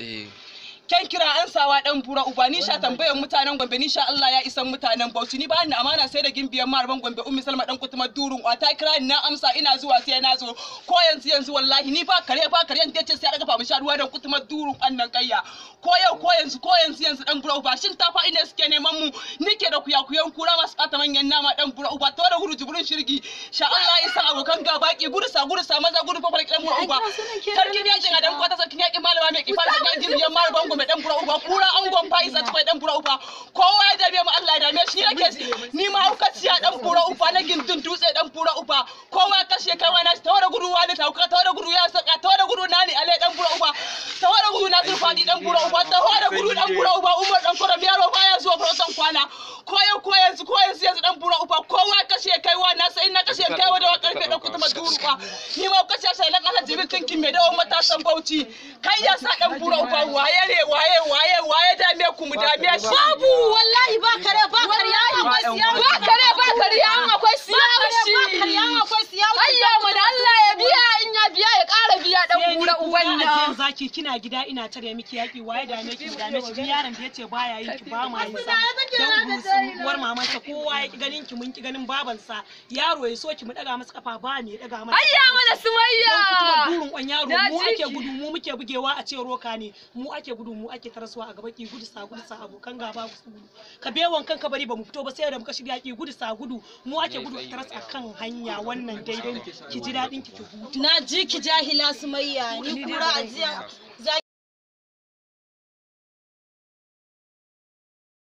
Eh. Ken eh. kira an sawa dan bura uba ni sha tambayar mutanen Gombe ni sha Allah ya isan mutanen Bauchi ni ba ni amana sai da gimbiyan Maruban Gombe Ummi Salma dan kutuma durun wa ta kira ni na amsa ina zuwa sai na zo ko yanzu yanzu wallahi ni fa kare fa kare da ce sai daga fa mu sha ruwa dan kutuma durun annan kayya ko yau ko yanzu ko yanzu yanzu dan bura uba shin ta fa ina suke neman mu nike da kuya kuyan kura masu kata manyan nama dan bura uba to da jibrin shirgi sha Allah ya sa abokan gaba ki gudu sa maza gudu fafar farki dan uba sarkin yakin adan kwata sarkin yakin malama mai kifa sarkin jirgin mara bango mai dan bura uba kura angon faisa ta dan bura uba kowa ya dame mu Allah ya dame shi yake ni ma ci a dan bura uba na gindin dutse dan bura uba kowa kashe kai wani ta wada gudu wani ta uka ta wada gudu ya saka ta wada gudu nani ale dan bura uba ta wada gudu na surfadi dan bura uba ta wada gudu dan bura uba umar dan fura ya zo zuwa fara kwana koyo koyo ko yanzu ko yanzu yanzu dan bura uba kowa kashe kaiwa na sai na kashe kaiwa da karfe da kuma duruwa ni ma kashe sai lan Allah jibin tinkin me mata matasan Bauchi kai ya sa dan bura uba waye ne waye waye waye dame ku mu dame shi babu wallahi yaki kina gida ina tare miki yaki waye da miki da miki Ni yaron da yace baya yin ki ba ma yin sa dan war maman ta kowa ya ki ganin ki mun ki ganin baban sa yaro ya so ki mu daga masa kafa ba ya daga masa ayya mana sumayya dan kuma burin kwan yaro mu ake gudu mu muke bugewa a ce roka ne mu ake gudu mu ake tarasuwa a gaba ki gudu sa gudu sa abokan gaba gudu ka wankan kanka bari ba mu fito ba sai da muka shirya ki gudu sa gudu mu ake gudu a tarasa kan hanya wannan daidai ki ji dadin ki ki hutu na ji ki jahila sumayya ni kura ajiya যাই